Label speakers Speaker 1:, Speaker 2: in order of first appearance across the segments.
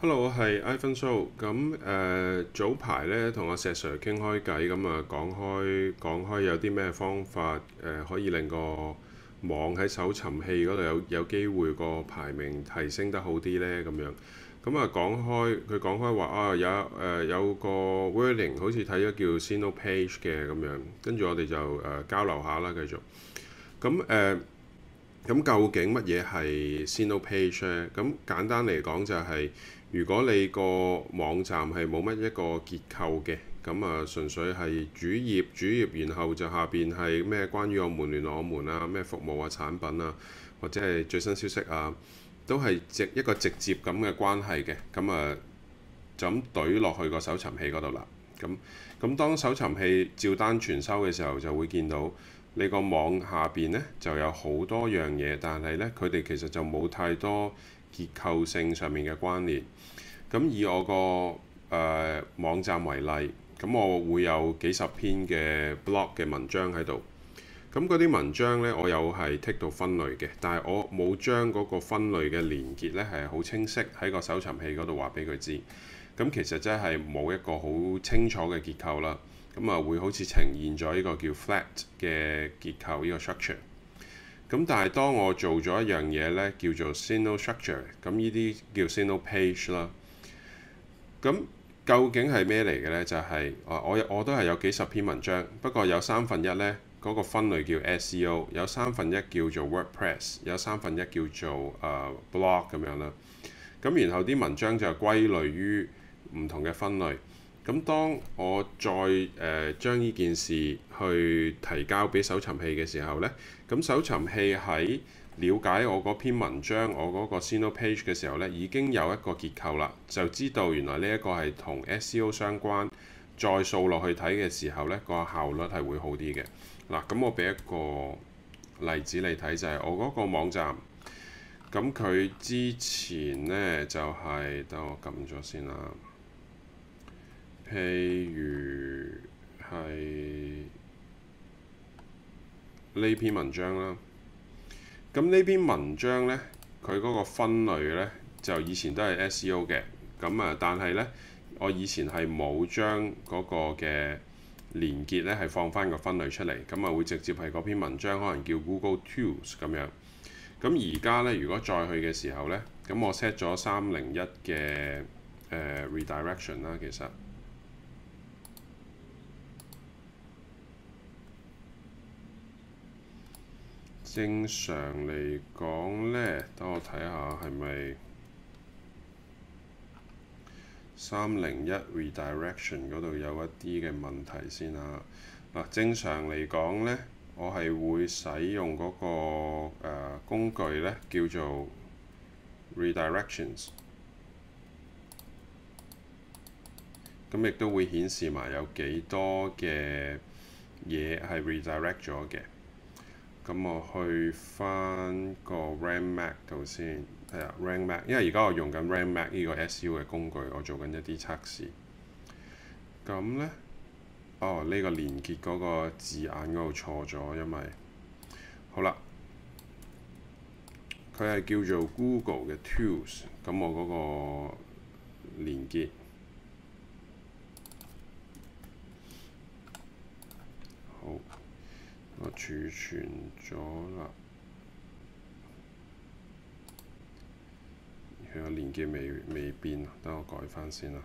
Speaker 1: Hello，我係 Ivan So。咁、呃、誒早排咧同阿石 Sir 傾開偈。咁啊講開講開有啲咩方法誒、呃、可以令個網喺搜尋器嗰度有有機會個排名提升得好啲呢？咁樣。咁啊講開佢講開話啊有誒、呃、有個 warning，好似睇咗叫 signal page 嘅咁樣。跟住我哋就誒、呃、交流下啦，繼續。咁誒。呃咁究竟乜嘢係 single page 咧？咁簡單嚟講就係、是，如果你個網站係冇乜一個結構嘅，咁啊純粹係主頁，主頁然後就下邊係咩關於我們聯絡我們啊，咩服務啊產品啊，或者係最新消息啊，都係直一個直接咁嘅關係嘅，咁啊就咁落去個搜尋器嗰度啦。咁咁當搜尋器照單全收嘅時候，就會見到。你個網下邊呢就有好多樣嘢，但係呢，佢哋其實就冇太多結構性上面嘅關聯。咁、嗯、以我個誒、呃、網站為例，咁、嗯、我會有幾十篇嘅 blog 嘅文章喺度。咁嗰啲文章呢，我有係剔到分類嘅，但係我冇將嗰個分類嘅連結呢係好清晰喺個搜尋器嗰度話俾佢知。咁、嗯、其實真係冇一個好清楚嘅結構啦。咁啊，會好似呈現咗呢個叫 flat 嘅結構，呢個 structure。咁但係當我做咗一樣嘢呢，叫做 signal structure。咁呢啲叫 signal page 啦。咁究竟係咩嚟嘅呢？就係我我我都係有幾十篇文章，不過有三分一呢嗰個分類叫 SEO，有三分一叫做 WordPress，有三分一叫做 blog 咁樣啦。咁然後啲文章就歸類於唔同嘅分類。咁當我再誒、呃、將呢件事去提交俾搜尋器嘅時候呢，咁搜尋器喺了解我嗰篇文章、我嗰個 sino page 嘅時候呢，已經有一個結構啦，就知道原來呢一個係同 SEO 相關。再掃落去睇嘅時候呢，個效率係會好啲嘅嗱。咁我俾一個例子你睇，就係、是、我嗰個網站，咁佢之前呢，就係、是、等我撳咗先啦。譬如係呢篇文章啦，咁呢篇文章呢，佢嗰個分類呢，就以前都係 SEO 嘅咁啊。但係呢，我以前係冇將嗰個嘅連結呢係放翻個分類出嚟，咁啊會直接係嗰篇文章可能叫 Google Tools 咁樣。咁而家呢，如果再去嘅時候呢，咁我 set 咗三零一嘅、呃、redirection 啦，其實。正常嚟講咧，等我睇下係咪三零一 redirection 嗰度有一啲嘅問題先啦。嗱，正常嚟講咧，我係會使用嗰個、呃、工具咧，叫做 redirections，咁亦都會顯示埋有幾多嘅嘢係 redirect 咗嘅。咁我去翻個 Rank Math 度先，係啊 Rank Math，因為而家我用緊 Rank Math 呢個 SEO 嘅工具，我做緊一啲測試。咁呢，哦呢、呢個連結嗰個字眼嗰度錯咗，因為好啦，佢係叫做 Google 嘅 Tools，咁我嗰個連結。我儲存咗啦，佢個連結未未變啊，等我改翻先啊。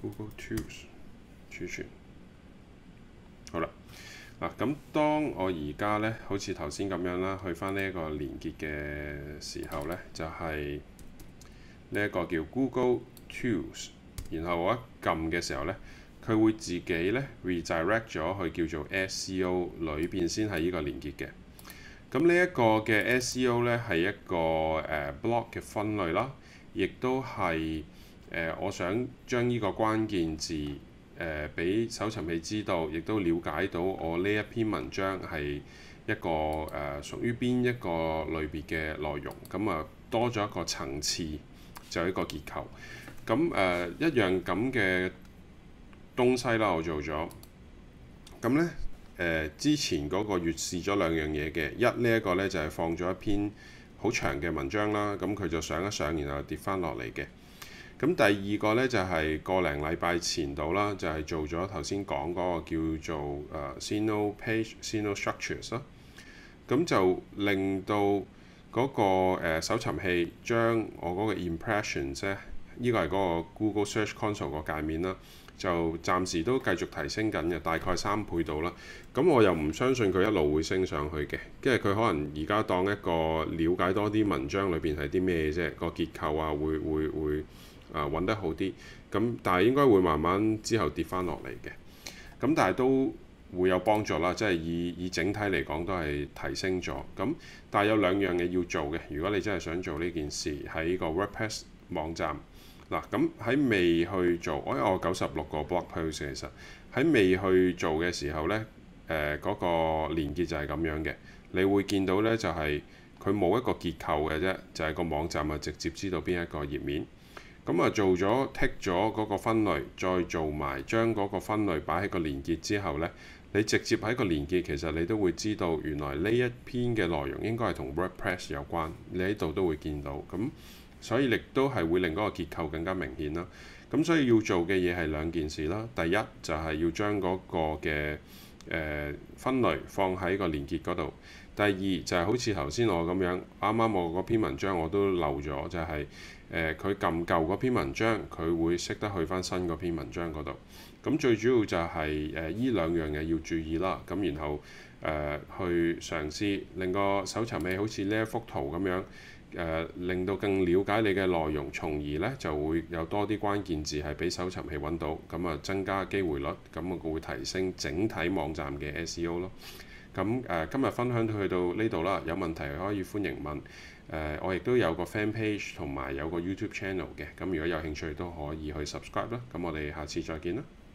Speaker 1: Google Tools 儲存，好啦，嗱咁當我而家咧，好似頭先咁樣啦，去翻呢一個連結嘅時候咧，就係呢一個叫 Google Tools，然後我一撳嘅時候咧。佢會自己咧 redirect 咗佢叫做 SEO 裏邊先係呢個連結嘅。咁呢一個嘅 SEO、呃咧係一個誒 block 嘅分類啦，亦都係誒我想將呢個關鍵字誒俾、呃、搜尋器知道，亦都了解到我呢一篇文章係一個誒、呃、屬於邊一個類別嘅內容。咁啊多咗一個層次，就一個結構。咁誒、呃、一樣咁嘅。東西啦，我做咗咁呢，誒、呃，之前嗰個月試咗兩樣嘢嘅。一呢一個呢，就係放咗一篇好長嘅文章啦，咁佢就上一上，然後跌翻落嚟嘅。咁第二個呢，就係、是、個零禮拜前度啦，就係、是、做咗頭先講嗰個叫做誒、呃、Cino Page Cino Structures 啦、啊，咁就令到嗰、那個、呃、搜尋器將我嗰個 impressions、啊呢個係嗰個 Google Search Console 個界面啦，就暫時都繼續提升緊嘅，大概三倍度啦。咁我又唔相信佢一路會升上去嘅，即係佢可能而家當一個了解多啲文章裏邊係啲咩啫，個結構啊會會會啊揾、呃、得好啲。咁但係應該會慢慢之後跌翻落嚟嘅。咁但係都會有幫助啦，即係以以整體嚟講都係提升咗。咁但係有兩樣嘢要做嘅，如果你真係想做呢件事喺個 WordPress 網站嗱，咁喺未去做，我因為我九十六個 blog post 其實喺未去做嘅時候呢，誒、呃、嗰、那個連結就係咁樣嘅。你會見到呢，就係佢冇一個結構嘅啫，就係、是、個網站啊直接知道邊一個頁面咁啊。做咗剔咗嗰個分類，再做埋將嗰個分類擺喺個連結之後呢，你直接喺個連結其實你都會知道原來呢一篇嘅內容應該係同 WordPress 有關，你喺度都會見到咁。所以亦都係會令嗰個結構更加明顯啦。咁所以要做嘅嘢係兩件事啦。第一就係、是、要將嗰個嘅誒、呃、分類放喺個連結嗰度。第二就係、是、好似頭先我咁樣，啱啱我嗰篇文章我都漏咗，就係誒佢撳舊嗰篇文章，佢會識得去翻新嗰篇文章嗰度。咁最主要就係誒依兩樣嘢要注意啦。咁然後誒、呃、去嘗試令個搜尋器好似呢一幅圖咁樣。誒、呃、令到更了解你嘅內容，從而呢就會有多啲關鍵字係俾搜尋器揾到，咁啊增加機會率，咁啊會提升整體網站嘅 SEO 咯。咁誒、呃、今日分享到去到呢度啦，有問題可以歡迎問。誒、呃、我亦都有個 fan page 同埋有個 YouTube channel 嘅，咁如果有興趣都可以去 subscribe 啦。咁我哋下次再見啦。